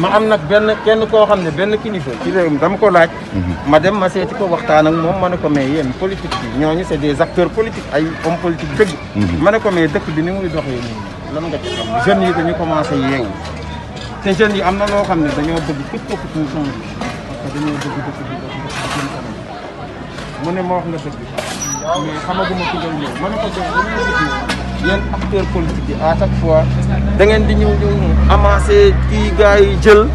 ma am nag benn kenn koo xam ne benn kilifa ci réew mi dama ko laaj ma dem ma seeti ko waxtaan ak moom ma ne ko mais yéen politique bi ñooñu c'est des acteurs politiques ay hommes politiques dëgg mhm. ma ne ko mais dëkk bi ni muy doxee nii lan nga ci xam jeunes yi dañu commencé yi te jeunes yi am na loo xam ne dañoo bëgg kut ko kut mu change parce que dañoo bëgg dëkk bi dox jëm kanam mu ne ma wax nga dëgg mais xamaguma ku doon ñëw ma ne ko jox dañoo gis yéen acteurs politiques yi à chaque fois da ngeen di ñëw ñëw amasser kii gars jël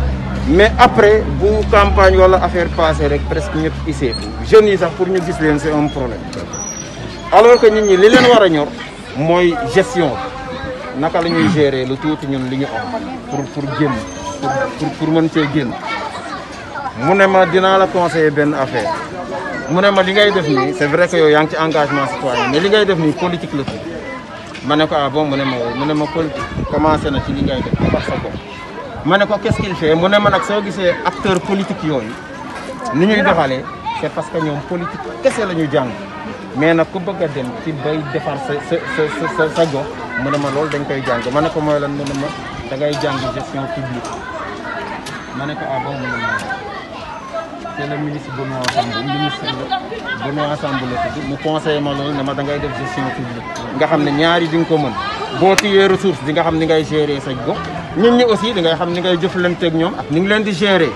mais après bu campagne wala affaire passé rek presque ñëpp iseeku jeunes yi sax pour ñu gis leen c'est un problème alors que ñu ñi li leen war a ñor mooy gestion naka la ñuy gérer lu tuuti ñun li ñu am pour pour génn pour pour mën cee génn mu ne ma dinaa la conseiller benn affaire mu ne ma li ngay def nii c'est vrai yow yaa ci engagement citoyen mais li ngay def nii politique la fi ma ne ko ah bon ma wooyu ne ma politique commencé na ci li ngay def defar sa bopp ma ne ko qu'est-ce ne ma nag soo gisee acteur politique yooyu ni ñuy doxalee c'est parce que ñoom politique kese la ñu jàng mais nag ku bëgg a dem ci bay defar sa sa sa mu ne ma loolu dañ koy jàng ma ne ko mooy la mu ne ma da ngay jàng gestion publique ma ne ko ah bon c'est le ministre Benoît Sambou ministre mu conseillé ma loolu ne ma da ngay def gestion publique nga xam ne ñaari di nga ko mën boo téyee ressource di nga xam ni ngay gérer sa gox nit ñi aussi di ngay xam ni ngay jëflanteeg ñoom ak ni ngi leen di gérer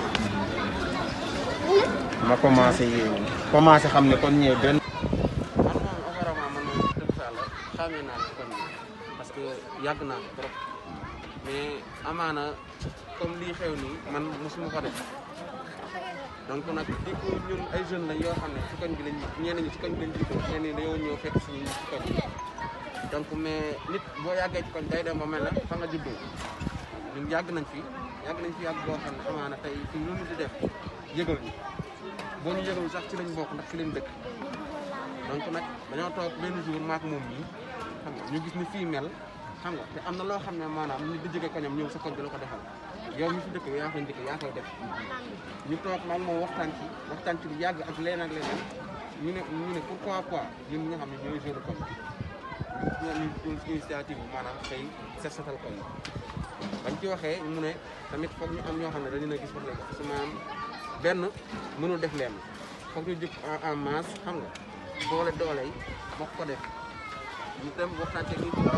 ma commencé yéewu commencé xam ne kon ñee benn xamee naa ko parce que yàgg naa ko mais amaana comme lii xew nii man mosuma ko def donc nag di ay jeunes lañ yoo xam ne ci koñ bi lañ ñenn ñi ci koñ bi lañ jiitoo ñenn ñi dañoo donc mais nit boo yàggee ci koñ day dem ba mel na fa nga nañ fi yàgg nañ fi yàgg boo xam ne na tey ñu di def yëgal boo ñu yëgal sax ci lañ bokk ndax ci lañ dëkk donc nag dañoo toog benn jour maak moom yi xam nga ñu gis ni fii mel xam nga te am na loo xam ne maanaam nit di jóge koñam ñëw sa koñ bi la ko defal yow mi si dëkk bi yaa koy njëkk yaa koy def ñu toog maag moom waxtaan ci waxtaan ci lu yàgg ak leneen ak leneen ñu ne ñu ne pourquoi pas ñun nga xam ne ñooy jeu de koñ ñu ñu initiative bi maanaam xëy set setal koñ bañ ci waxee mu ne tamit foog ñu am ñoo xam ne dañu na gis wax dëgg parce que maanaam benn mënul def leen foog ñu jëkk en masse xam nga boole doole yi bokk ko def ñu dem waxtaan ci ñu ko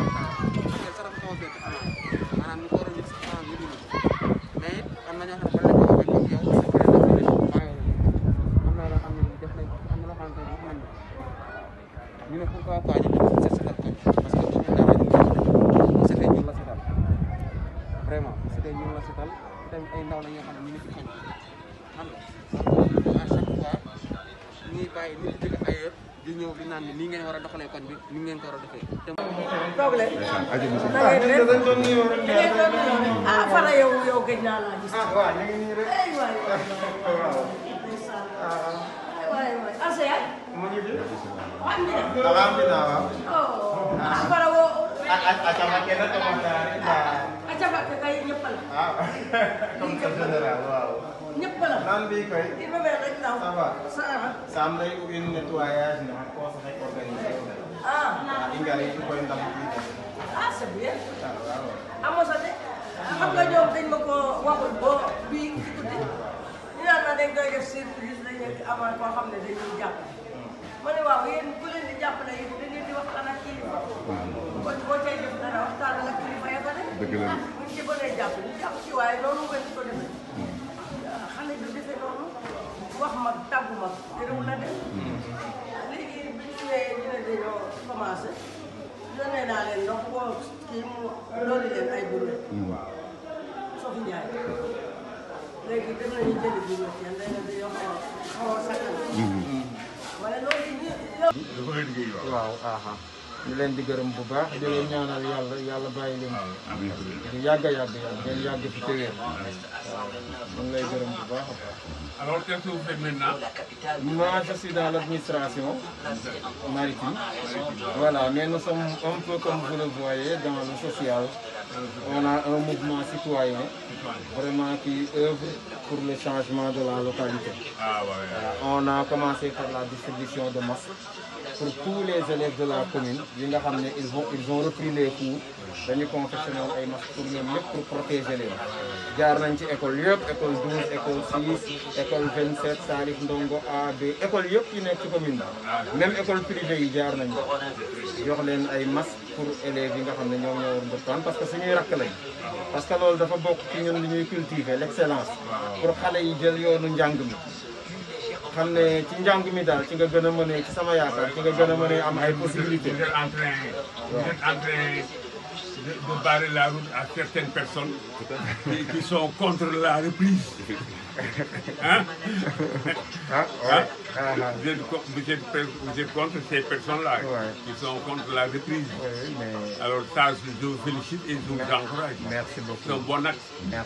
ñu ne pourquoi pas ñu seet seetal ko parce que doomu daara ñu c'était ñun la seetal vraiment c'était ñun la seetal tamit ay ndaw la ñoo xam ne ñu ngi ci koñ xam nga à chaque fois ñuy bàyyi nit jóge ailleurs di ñëw di naan ni nii ngeen war a doxalee koñ bi nii ngeen ko war a defee. problème na ngeen def ah fana yow yow gëj naa laa gis. ah waaw ñu ngi nii rek. aywaay waay waay waay ah. waay waay Alhamdulillah. Oh. Ang parawo. Acaba ah, ah, ah, ke na tama na. Acaba ke kay ñepp la. Ah. Comme comme général waaw. ñepp la. Naan bi koy. Di ba mel rek naw. Ça va. Ça va. Sam lay une nettoyage na ko sa ko organisé. Ah. Inga lay ko ndam bi. Ah, c'est bien. Amo sa de. Xam nga ñoom dañ ma ko waxul bo bi ci guddi. Ñu naan na dañ koy def service dañ nekk avant koo xam ne dañuy jàpp. ma ne waaw yéen ku leen di jàppale yéen da ngeen di waxtaan ak kii kon boo cay def dara waxtaan ak kilifa ya fa ne dëgg la buñ ci bëggee jàpp jàpp ci waaye loolu ngeen ko defee hmm. xale bi defee noonu wax mag tàggu mag la def hmm. naa leen ndox boo kii mu loolu leen ay burle hmm, sofi Ndiaye léegi dem nañu jëli dafa koy liggéey waaw. ñu leen di gërëm bu baax di leen ñaanal yàlla yàlla bàyyi leen di yàgg a yàgg yàgg ngeen yàgg fi téye waaw lay gërëm bu baax a baax. alors que vous faites dans l'administration maritime. voilà mais nous sommes un peu comme social. on a un mouvement citoyen vraiment qui œuvre pour le changement de la localité. Ah, euh, on a commencé par la distribution de masques pour tous les élèves de la commune. yi nga xam ne ils ont ils ont repris les cours dañu confectionné woon ay masques pour ñoom ñëpp pour protéger leen jaar nañ ci école yëpp école 12 école 6 école 27 Salif Ndongo A2 école yëpp yu nekk ci commune bi même école privée yi jaar nañ jox leen ay masques pour élèves yi nga xam ne ñoom ñoo war ndëptaan parce que suñuy rakk lañ parce que loolu dafa bokk ci ñun li ñuy cultiver l' excellence pour xale yi jël yoonu njàng mi xam ne ci njàng mi daal ci nga gën a mënee ci sama yaakaar ci nga gën a mënee am ay possibilités. vous êtes la route à certaines personnes qui, qui contre la reprise. Hein? Ah, ouais. ah, ah. contre ces personnes-là qui sont contre la reprise. Alors ça, je vous félicite et je vous Merci beaucoup. C'est bon acte.